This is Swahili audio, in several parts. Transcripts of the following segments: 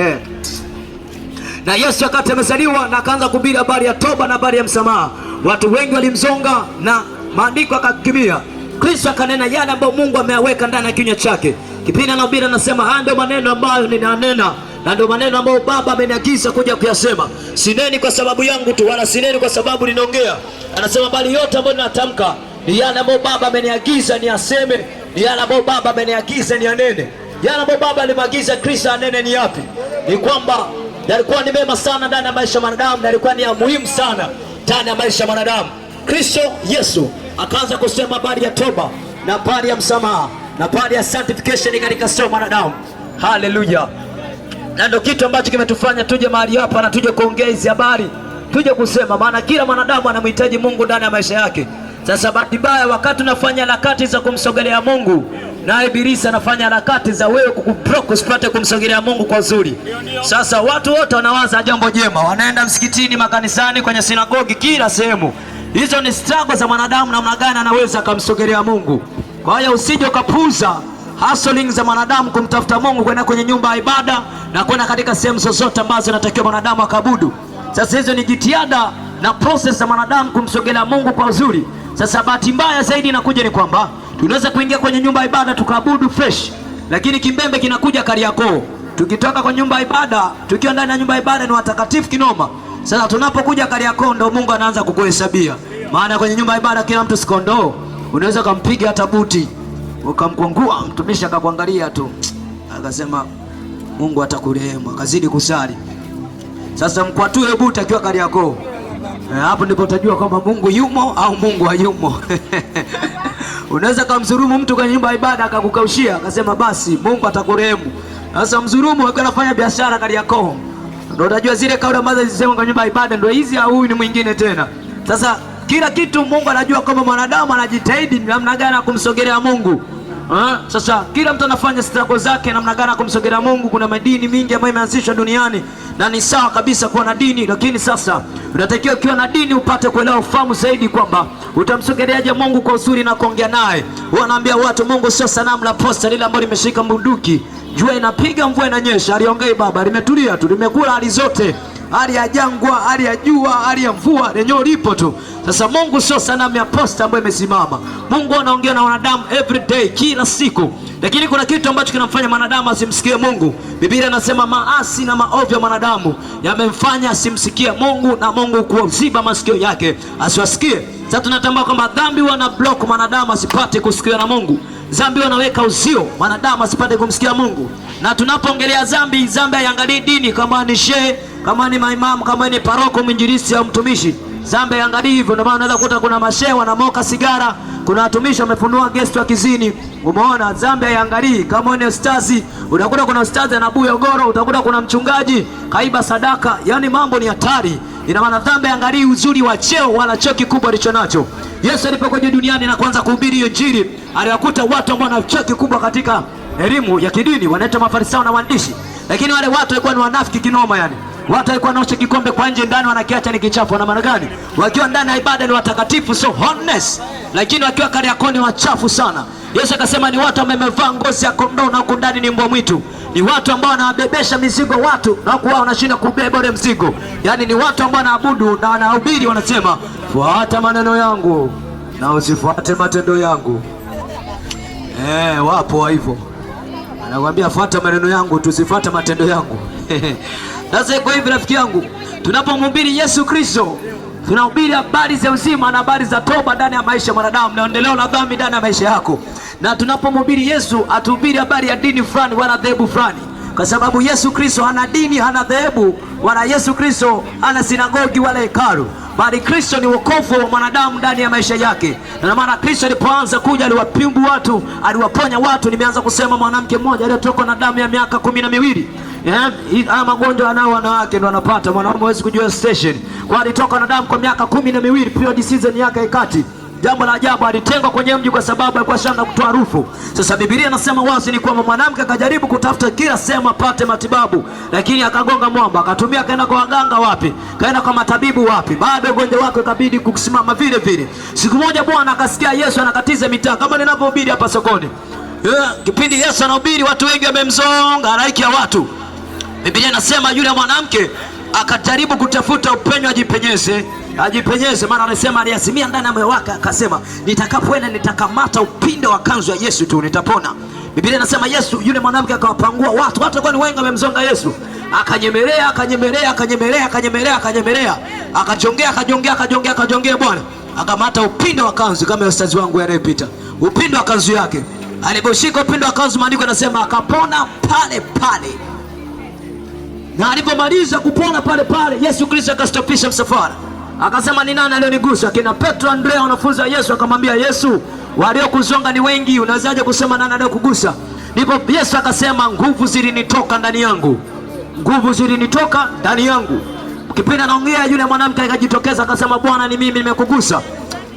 na Yesu akati amezaliwa na akaanza kuhubiri habari ya toba na habari ya msamaha. Watu wengi walimzonga na maandiko akakimia Kristo akanena yale ambayo Mungu ameyaweka ndani ya kinywa chake. Kipindi anahubiri anasema, haya ndio maneno ambayo ninanena na ndio maneno ambayo Baba ameniagiza kuja kuyasema. Sineni kwa sababu yangu tu, wala sineni kwa sababu ninaongea. Anasema bali yote ambayo ninatamka ni yale ambayo Baba ameniagiza niyaseme, ni yale ambayo Baba ameniagiza niyanene. Yale ambayo Baba alimwagiza Kristo anene ni yapi? Ni kwamba yalikuwa ni mema sana ndani ya maisha ya mwanadamu na yalikuwa ni ya muhimu sana ndani ya maisha ya mwanadamu. Kristo Yesu akaanza kusema habari ya toba na habari ya msamaha na habari ya sanctification katika sio mwanadamu. Haleluya! Na ndio kitu ambacho kimetufanya tuje mahali hapa na tuje kuongea hizi habari, tuje kusema, maana kila mwanadamu anamhitaji Mungu ndani ya maisha yake. Sasa bahati mbaya, wakati tunafanya harakati za kumsogelea Mungu na Ibilisi anafanya harakati za wewe kukublock usipate kumsogelea Mungu kwa uzuri. Sasa watu wote wanawaza jambo jema, wanaenda msikitini, makanisani, kwenye sinagogi, kila sehemu. Hizo ni struggle za mwanadamu, namna gani anaweza akamsogelea Mungu. Kwa hiyo usije ukapuuza hustling za mwanadamu kumtafuta Mungu, kwenda kwenye nyumba ya ibada na kwenda katika sehemu zozote ambazo inatakiwa mwanadamu akabudu. Sasa hizo ni jitihada na process za mwanadamu kumsogelea Mungu kwa uzuri. Sasa bahati mbaya zaidi inakuja ni kwamba Tunaweza kuingia kwenye nyumba ya ibada tukaabudu fresh, lakini kimbembe kinakuja Kariakoo. Tukitoka kwa nyumba ya ibada, tukiwa ndani ya nyumba ya ibada ni watakatifu kinoma. Sasa tunapokuja Kariakoo ndio Mungu anaanza kukuhesabia, maana kwenye nyumba ya ibada kila mtu sikondoo, unaweza kumpiga hata buti ukamkwangua. Mtumishi akakuangalia tu akasema, Mungu atakurehemu, akazidi kusali. Sasa mkwatue buti akiwa Kariakoo. Eh, hapo ndipo utajua kwamba Mungu yumo au Mungu hayumo. Unaweza kumdhulumu mtu kwenye nyumba ya ibada akakukaushia akasema basi Mungu atakurehemu. Sasa mdhulumu akiwa anafanya biashara yako. ndio utajua zile kauli ambazo zilisemwa kwenye nyumba ya ibada ndio hizi au huyu ni mwingine tena. Sasa kila kitu Mungu anajua kwamba mwanadamu anajitahidi namna gani ya kumsogelea Mungu. Ha? Sasa kila mtu anafanya strago zake namna gani kumsogelea Mungu. Kuna madini mingi ambayo imeanzishwa duniani na ni sawa kabisa kuwa na dini, lakini sasa unatakiwa ukiwa na dini upate kuelewa, ufahamu zaidi kwamba utamsogeleaje Mungu kwa uzuri na kuongea naye. Wanaambia watu Mungu sio sanamu la posta lile ambalo limeshika bunduki, jua inapiga, mvua inanyesha, aliongei baba, limetulia tu, limekula hali zote hali ya jangwa, hali ya jua, hali ya mvua, lenyewe lipo tu. Sasa Mungu sio sanamu ya posta ambayo imesimama. Mungu anaongea na wanadamu every day, kila siku, lakini kuna kitu ambacho kinamfanya mwanadamu asimsikie Mungu. Biblia inasema maasi na maovu ya mwanadamu yamemfanya asimsikie Mungu na Mungu kuziba masikio yake asiwasikie. Sasa tunatambua kwamba dhambi wana block mwanadamu asipate kusikia na Mungu zambi wanaweka uzio mwanadamu asipate kumsikia Mungu. Na tunapoongelea zambi, zambi haiangalii dini kama ni shehe kama ni maimamu, kama ni paroko, mwinjilisti au mtumishi. Zambe angalii hivyo, ndio maana unaweza kukuta kuna mashehe wanamoka sigara, kuna watumishi wamefunua gesti wa kizini. Umeona, Zambe haiangalii kama ni ustazi, utakuta kuna ustazi anabuya goro, utakuta kuna mchungaji kaiba sadaka. Yani mambo ni hatari. Ina maana dhambi angalii uzuri wa cheo wala cheo kikubwa alicho nacho. Yesu alipokuja duniani na kuanza kuhubiri hiyo Injili, aliwakuta watu ambao wana cheo kikubwa katika elimu ya kidini, wanaitwa Mafarisayo na waandishi, lakini wale watu walikuwa ni wanafiki kinoma yani Watu walikuwa wanaosha kikombe kwa nje, ndani wanakiacha ni kichafu. Na maana gani? Wakiwa ndani ya ibada ni watakatifu, so honest, lakini wakiwa ni wachafu sana. Yesu akasema ni watu ambao wamevaa ngozi ya kondoo na huko ndani ni mbwa mwitu. Ni watu ambao wanawabebesha mizigo watu na huko wao wanashinda kubeba ile mzigo. Yaani ni watu ambao wanaabudu na wanahubiri, wanasema fuata maneno yangu na usifuate matendo yangu. Eh, wapo hivyo. Anakuambia fuata maneno yangu, tusifuate matendo yangu Na sasa kwa hivi rafiki yangu, tunapomhubiri Yesu Kristo tunahubiri habari za uzima na habari za toba ndani ya maisha ya mwanadamu na ondoleo dhambi ndani ya maisha yako. Na tunapomhubiri Yesu, atuhubiri habari ya dini fulani wala dhehebu fulani, kwa sababu Yesu Kristo hana dini, hana dhehebu, wala Yesu Kristo hana sinagogi wala hekalu bali Kristo ni wokovu wa mwanadamu ndani ya maisha yake. Na maana Kristo alipoanza kuja aliwapimbu watu, aliwaponya watu. Nimeanza kusema mwanamke mmoja aliyetoka na damu ya miaka kumi na miwili eh, haya yeah, magonjwa anao wanawake ndo anapata, mwanaume hawezi kujua station, kwa alitoka na damu kwa miaka kumi na miwili, period season yake ikati Jambo la ajabu, alitengwa kwenye mji kwa sababu alikuwa shanga kutoa harufu. Sasa Biblia inasema wazi ni kwamba mwanamke akajaribu kutafuta kila sehemu apate matibabu, lakini akagonga mwamba, akatumia, akaenda kwa waganga wapi, kaenda kwa matabibu wapi, bado ugonjwa wake ikabidi kusimama vile vile. Siku moja Bwana akasikia Yesu anakatiza mitaa kama ninavyohubiri hapa sokoni. Yeah, kipindi Yesu anahubiri watu wengi wamemzonga, halaiki ya watu. Biblia inasema yule mwanamke akajaribu kutafuta upenyo ajipenyeze, ajipenyeze, maana anasema aliazimia ndani ya moyo wake akasema, nitakapoenda nitakamata upinde wa kanzu ya Yesu tu nitapona. Biblia inasema Yesu yule mwanamke akawapangua watu, watu walikuwa ni wengi, wamemzonga Yesu, akanyemelea, akanyemelea, akanyemelea, akanyemelea, akanyemelea, akajongea, akajongea, akajongea, akajongea, Bwana akamata upinde wa kanzu, kama ustazi wangu anayepita upinde wa kanzu yake. Aliposhika upinde wa kanzu, maandiko yanasema akapona pale pale na alipomaliza kupona pale pale, Yesu Kristo akastopisha msafara, akasema ni nani alionigusa? Kina Petro, Andrea, wanafunzi wa Yesu. Akamwambia Yesu, waliokuzonga ni wengi, unawezaje kusema nani aliyokugusa? Ndipo Yesu akasema, nguvu zilinitoka ndani yangu, nguvu zilinitoka ndani yangu. Kipindi anaongea yule mwanamke akajitokeza akasema, Bwana, ni mimi nimekugusa.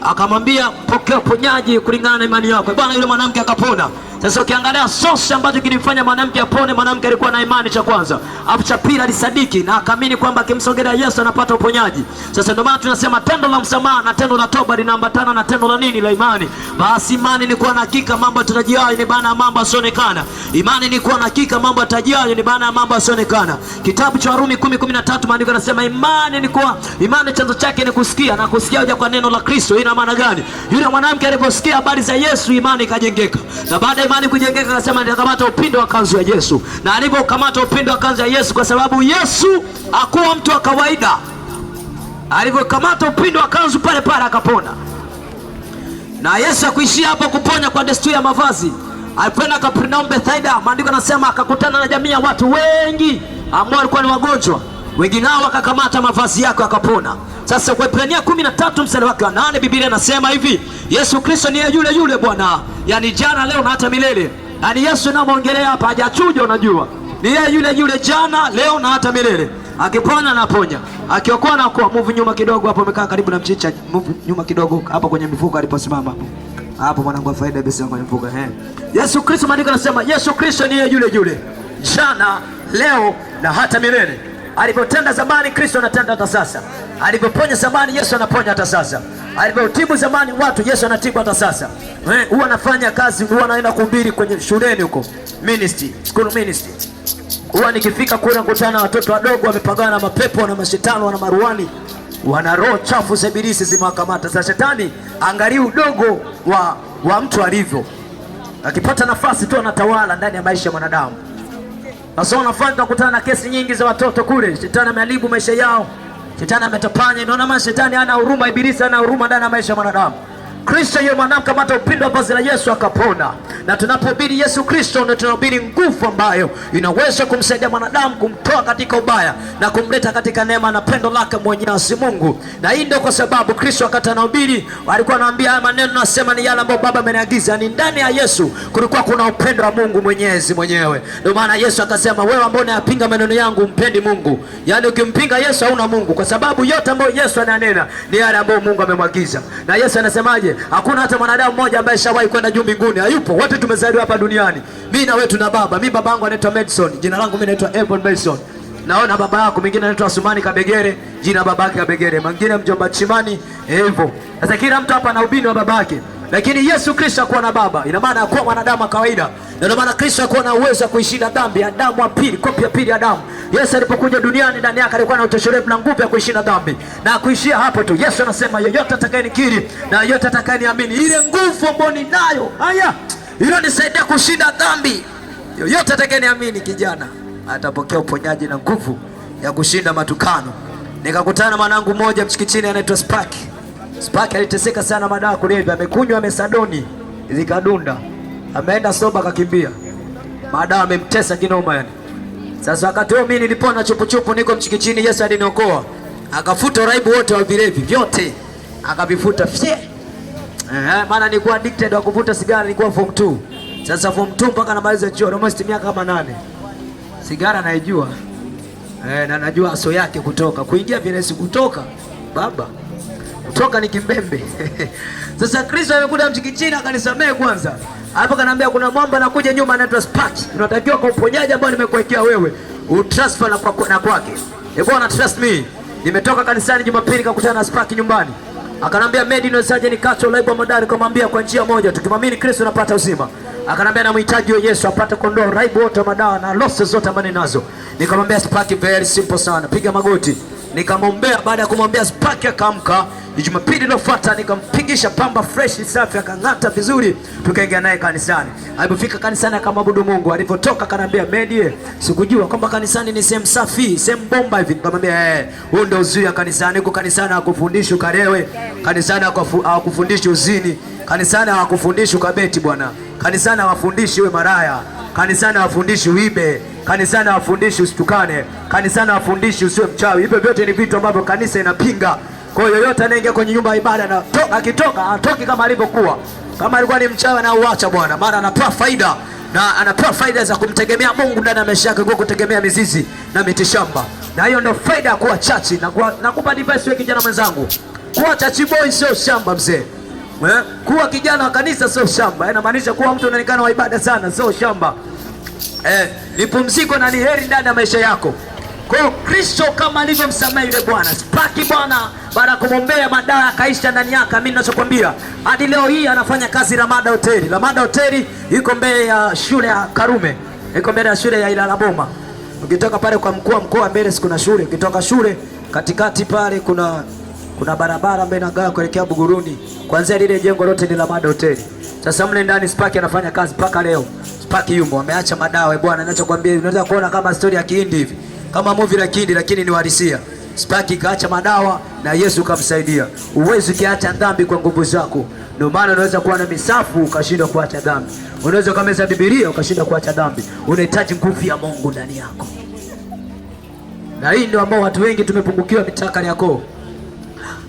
Akamwambia, pokea uponyaji kulingana na imani yako. Bwana, yule mwanamke akapona. Sasa ukiangalia sosi ambacho kilimfanya mwanamke apone, mwanamke alikuwa na imani, cha kwanza, afu cha pili alisadiki na akaamini kwamba akimsogelea Yesu anapata uponyaji. Sasa ndio maana tunasema tendo la msamaha na tendo la toba linaambatana na tendo la nini? La imani. Basi imani ni kuwa na hakika mambo yatarajiwayo, ni bana ya mambo yasionekana. Imani ni kuwa na hakika mambo yatarajiwayo, ni bana ya mambo yasionekana. Kitabu cha Warumi 10:13 maandiko yanasema imani ni kuwa, imani chanzo chake ni kusikia na kusikia hoja kwa neno la Kristo. Hii Ina maana gani? Yule mwanamke aliposikia habari za Yesu imani ikajengeka na baada imani kujengeka, akasema nitakamata upindo wa kanzu ya Yesu, na alivyokamata upindo wa kanzu ya Yesu, kwa sababu Yesu hakuwa mtu wa kawaida, alivyokamata upindo wa kanzu pale pale akapona. Na Yesu akuishia hapo kuponya kwa desturi ya mavazi, alikwenda Kapernaum, Bethsaida. Maandiko anasema akakutana na jamii ya watu wengi ambao walikuwa ni wagonjwa, wengi nao wakakamata mavazi yake akapona. Sasa Waebrania kumi na tatu mstari wake wa nane Biblia inasema hivi, Yesu Kristo ni yule yule Bwana, yaani jana leo na hata milele. Yaani Yesu namwongelea hapa hajachuja, unajua ni yeye yule yule jana leo na hata milele. Akipona anaponya, akiokoa anaokoa. Move nyuma kidogo hapo, amekaa karibu na mchicha. Move nyuma kidogo hapo kwenye mifuko aliposimama hapo hapo, mwanangu faida basi kwenye mifuko eh. Yesu Kristo, maandiko yanasema Yesu Kristo ni yeye yule yule jana leo na hata milele. Alivyotenda zamani Kristo anatenda hata sasa. Alivyoponya zamani Yesu anaponya hata sasa. Alivyotibu zamani watu Yesu anatibu hata sasa. Eh, huwa anafanya kazi, huwa anaenda kuhubiri kwenye shuleni huko ministry, school ministry. Huwa nikifika kule nakutana na watoto wadogo wamepagana na mapepo na mashetani na maruani, wana roho chafu za ibilisi zimewakamata. Sasa shetani angalia udogo wa, wa mtu alivyo, akipata nafasi tu anatawala ndani ya maisha ya mwanadamu. Sasa wanafanya tunakutana na kesi nyingi za watoto kule, shetani ameharibu maisha yao, shetani ametapanya. Inaona maana shetani hana huruma, ibilisi hana huruma ndani ya maisha ya mwanadamu. Kristo yule mwanamke amata upindo wa vazi la Yesu akapona. Na tunapohubiri Yesu Kristo, ndio tunahubiri nguvu ambayo inaweza kumsaidia mwanadamu kumtoa katika ubaya na kumleta katika neema na pendo lake Mwenyezi Mungu. Na hii ndio kwa sababu Kristo akata anahubiri alikuwa anaambia haya maneno, nasema ni yale ambayo Baba ameniagiza. Ni ndani ya Yesu kulikuwa kuna upendo wa Mungu Mwenyezi mwenyewe. Ndio maana Yesu akasema, wewe ambao unayapinga maneno yangu, mpendi Mungu. Yaani ukimpinga Yesu hauna Mungu, kwa sababu yote ambayo Yesu ananena ni yale ambayo Mungu amemwagiza. Na Yesu anasemaje? Hakuna hata mwanadamu mmoja ambaye shawahi kwenda juu mbinguni, hayupo. Wote tumezaliwa hapa duniani. Mimi na wewe tuna baba. Mimi baba yangu anaitwa Madison, jina langu mimi naitwa Ebon Madison. Naona baba yako mwingine anaitwa Sumani Kabegere, jina babake Kabegere, mwingine mjomba Chimani, eh, hivyo. Sasa kila mtu hapa ana ubini wa babake. Lakini Yesu Kristo hakuwa na baba, ina maana hakuwa mwanadamu wa kawaida. Ndio maana Kristo hakuwa na uwezo wa kuishinda dhambi, Adamu wa pili, kopi ya pili ya Adamu. Yesu alipokuja duniani, ndani yake alikuwa na utoshelevu na nguvu ya kuishinda dhambi, na kuishia hapo tu. Yesu anasema yeyote atakayenikiri na yeyote atakayeniamini, ile nguvu ambayo ninayo haya nisaidia kushinda dhambi, yeyote atakayeniamini, kijana atapokea uponyaji na nguvu ya kushinda matukano. Nikakutana mwanangu mmoja mchikichini anaitwa Spaki Spark aliteseka sana madawa kulevya, amekunywa mesadoni zikadunda, ameenda soba akakimbia, madawa amemtesa kinoma yani. Sasa wakati huo mimi nilipona chupuchupu, niko mchikichini, Yesu aliniokoa akafuta uraibu wote wa vilevi vyote akavifuta. fye. Eh, maana nilikuwa addicted wa kuvuta sigara, nilikuwa form 2. Sasa form 2 mpaka namaliza chuo almost miaka kama nane, sigara naijua eh, na najua aso yake kutoka kuingia vile, si kutoka baba toka ni kimbembe. Sasa Kristo amekuja mchikichini Kichina akanisamee kwanza. Hapo kanaambia kuna mwamba anakuja nyuma anaitwa Spark. Unatakiwa kwa uponyaji ambao nimekuwekea wewe, utransfer na kwako na kwake. Eh, ana trust me. Nimetoka kanisani Jumapili kakutana na Spark nyumbani. Akanambia medi no ni kacho laibu madari kumwambia kwa njia moja tukimwamini Kristo unapata uzima. Akanambia namhitaji huyo Yesu apate kondoo raibu wote madawa na losi zote ambazo ninazo. Nikamwambia Spark very simple sana. Piga magoti. Nikamwombea baada ya kumwambia Spark akaamka. Jumapili iliyofuata nikampigisha pamba fresh safi, akang'ata vizuri, tukaingia naye kanisani. Alipofika kanisani akamwabudu Mungu, alipotoka kanambia Medie, sikujua kwamba kanisani ni sehemu safi, sehemu bomba hivi. Nikamwambia eh, huo ndio uzuri wa kanisani. Huko kanisani hawakufundishi ukarewe, kanisani hawakufundishi uzini, kanisani hawakufundishi ukabeti bwana, kanisani hawafundishi uwe maraya, kanisani hawafundishi uibe kanisani hawafundishi usitukane, kanisani hawafundishi usiwe mchawi. Hivyo vyote ni vitu ambavyo kanisa inapinga. Kwa hiyo yoyote anayeingia kwenye nyumba ya ibada na akitoka atoki kama alivyokuwa. Kama alikuwa ni mchawi na uacha Bwana, maana anatoa faida na anatoa faida za kumtegemea Mungu ndani ya maisha yake kwa kutegemea mizizi na mitishamba. Na hiyo ndio faida ya kuwa chachi na kuwa, nakupa advice wewe kijana mwenzangu. Kuwa chachi boy sio shamba mzee. Eh? Kuwa kijana wa kanisa sio shamba. Eh, inamaanisha kuwa mtu unaonekana wa ibada sana sio shamba. Eh, ni pumziko na ni heri ndani ya maisha yako. Kwa hiyo Kristo kama alivyomsamehe yule bwana, spaki bwana baada ya kumwombea, madawa yakaisha ndani yake. Mimi ninachokwambia hadi leo hii anafanya kazi Ramada Hoteli. Ramada Hoteli iko mbele ya shule ya Karume, iko mbele ya shule ya Ilalaboma. Ukitoka pale kwa mkuu wa mkoa mbele kuna shule, ukitoka shule katikati pale kuna kuna barabara ambayo inagawa kuelekea Buguruni, kuanzia lile jengo lote ni Ramada Hoteli. Sasa mle ndani Spaki anafanya kazi mpaka leo. Spaki yumo ameacha madawa bwana, ninachokwambia unaweza kuona kama story ya Kihindi hivi, kama movie la Kihindi, lakini ni uhalisia spaki kaacha madawa na Yesu kamsaidia. Uwezi ukiacha dhambi kwa nguvu zako. Ndio maana unaweza kuwa na misafu ukashindwa kuacha dhambi, unaweza ukameza Biblia ukashindwa kuacha dhambi. Unahitaji nguvu ya Mungu ndani yako, na hii ndio ambao watu wengi tumepungukiwa mitakani yako.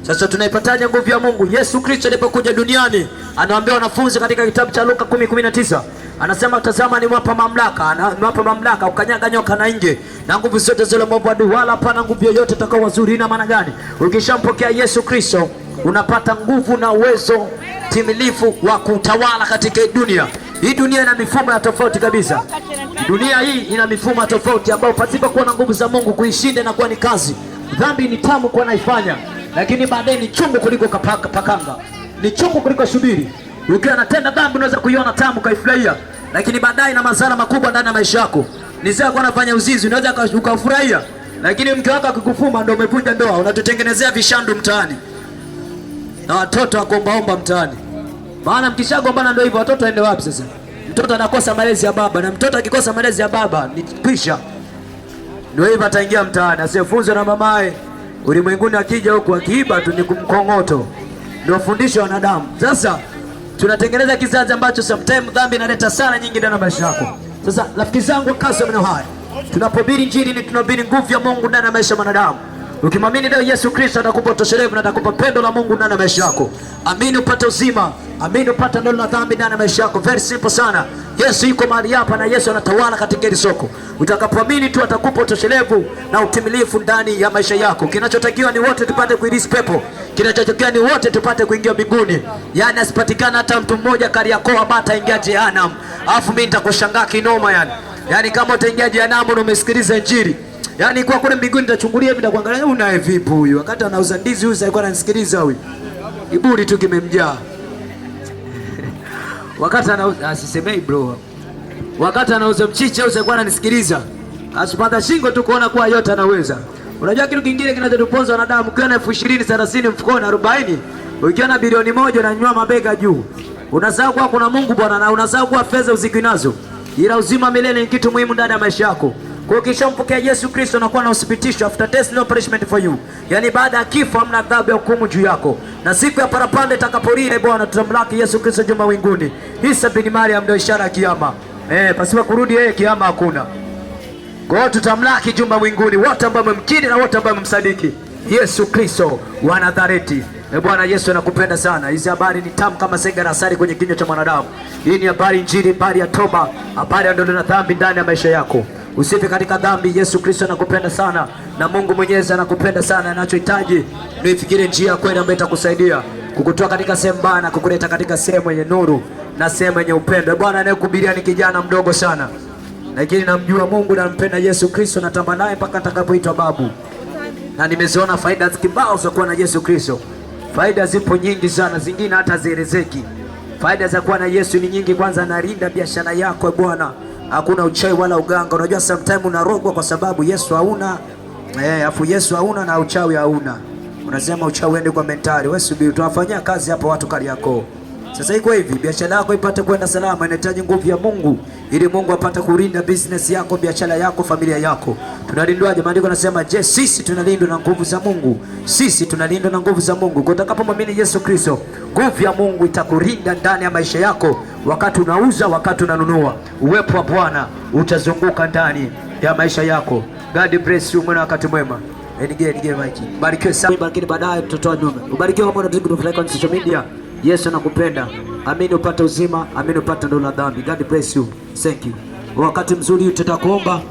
Sasa tunaipataje nguvu ya Mungu? Yesu Kristo alipokuja duniani, anawaambia wanafunzi katika kitabu cha Luka 10:19 Anasema tazama, nimewapa mamlaka, nimewapa mamlaka ukanyaga nyoka na nge na nguvu zote zile mwovu wala hapana nguvu yoyote utakao wazuri. Ina maana gani? Ukishampokea Yesu Kristo unapata nguvu na uwezo timilifu wa kutawala katika dunia hii. Dunia ina mifumo ya tofauti kabisa. Dunia hii ina mifumo tofauti ambayo pasipo kuwa na nguvu za Mungu kuishinda na kuwa ni kazi. Dhambi ni tamu kuwa naifanya, lakini baadaye ni chungu kuliko kapaka, pakanga ni chungu kuliko shubiri. Ukiwa unatenda dhambi unaweza kuiona tamu kaifurahia, lakini baadaye na madhara makubwa ndani ya maisha yako. kwa anafanya uzizi, unaweza ukafurahia, lakini mke wako akikufuma ndio umevunja ndoa, unatutengenezea vishandu mtaani na watoto wakuombaomba mtaani. Maana mkishagombana ndio hivyo, watoto waende wapi sasa? Mtoto anakosa malezi ya baba, na mtoto akikosa malezi ya baba ni kwisha, ndio hivyo, ataingia mtaani asiyefunzwa na mamaye. Ulimwenguni akija huku akiiba tu ni kumkongoto, ndio fundisho wanadamu sasa tunatengeneza kizazi ambacho sometimes dhambi inaleta sana nyingi ndani ya maisha yako. Sasa rafiki zangu, kazi maneno haya, tunapohubiri Injili ni tunahubiri nguvu ya Mungu ndani ya maisha ya mwanadamu. Ukimwamini leo Yesu Kristo atakupa utoshelevu na atakupa pendo la Mungu ndani ya maisha yako. Amini upate uzima, amini upate neno na dhambi ndani ya maisha yako. Very simple sana. Yesu yuko mahali hapa na Yesu anatawala katika hili soko. Utakapoamini tu atakupa utoshelevu na utimilifu ndani ya maisha yako. Kinachotakiwa ni wote tupate kuirisi pepo. Kinachotokea ni wote tupate kuingia mbinguni, Yani asipatikana hata mtu mmoja Kariakoo ambaye ataingia jehanamu. Alafu mimi nitakushangaa kinoma yani. yani kama utaingia jehanamu na umesikiliza Injili. yani kwa kule mbinguni nitachungulia hivi na kuangalia huyu naye vipi huyu? Wakati anauza ndizi huyu alikuwa ananisikiliza huyu. Kiburi tu kimemjaa. Wakati anauza asisemei ah, bro. Wakati anauza mchicha huyu alikuwa ananisikiliza. Asipata shingo tu kuona kuwa yote anaweza. Unajua kitu kingine kinachotuponza wanadamu, ukiwa na elfu ishirini thelathini mfukoni arobaini, ukiwa na bilioni moja unanyanyua mabega juu, unasahau kuwa kuna Mungu Bwana, na unasahau kuwa fedha uziki nazo, ila uzima milele ni kitu muhimu ndani ya maisha yako. Kwa hiyo ukishampokea Yesu Kristo unakuwa na uthibitisho, after death no punishment for you, yaani baada ya kifo hamna adhabu ya hukumu juu yako, na siku ya parapanda itakapolia, ee Bwana tutamlaki Yesu Kristo juu mbinguni. Hisa bin Maryam ndio ishara ya kiyama. Eh, pasipo kurudi yeye kiyama hakuna. Kwa hiyo tutamlaki jumba mwinguni, wote ambao wamemkiri na wote ambao wamemsadiki Yesu Kristo wa Nazareti. E Bwana Yesu anakupenda sana. Hizi habari ni tamu kama sega na asali kwenye kinywa cha mwanadamu. Hii ni habari njiri, habari ya toba, habari ya ndondo na dhambi ndani ya maisha yako. Usife katika dhambi. Yesu Kristo anakupenda sana na Mungu Mwenyezi anakupenda sana. Anachohitaji ni njia kweli ambayo itakusaidia kukutoa katika sehemu mbaya na kukuleta katika sehemu yenye nuru na sehemu yenye upendo. E, Bwana anayekuhubiria ni kijana mdogo sana lakini namjua Mungu na nampenda Yesu Kristo, natamba naye mpaka atakapoitwa babu, na nimeziona faida kibao za kuwa na Yesu Kristo. Faida zipo nyingi sana, zingine hata zielezeki Faida za kuwa na Yesu ni nyingi. Kwanza nalinda biashara yako e bwana, hakuna uchawi wala uganga. Unajua sometimes unarogwa kwa sababu Yesu hauna eh, afu Yesu hauna na uchawi hauna. Unasema uchawi ende kwa mentari, wewe subiri, tunafanyia kazi hapa watu kali yako sasa iko hivi, biashara yako ipate kwenda salama, inahitaji nguvu ya Mungu ili Mungu apate kulinda business yako, biashara yako, familia yako. Tunalindwaje? Maandiko yanasema, je, sisi tunalindwa na nguvu za Mungu? Sisi tunalindwa na nguvu za Mungu. Kwa utakapomwamini Yesu Kristo, nguvu ya Mungu itakulinda ndani ya maisha yako, wakati unauza, wakati unanunua. Uwepo wa Bwana utazunguka ndani ya maisha yako. God bless you, mwana wakati mwema. Barikiwe sana. Baadaye tutatoa nyumba. Ubarikiwe kama unatuzidi kutufurahi kwenye social media. Yesu anakupenda. Amini upate uzima, amini upate ndoo la dhambi. God bless you. Thank you. Wakati mzuri kuomba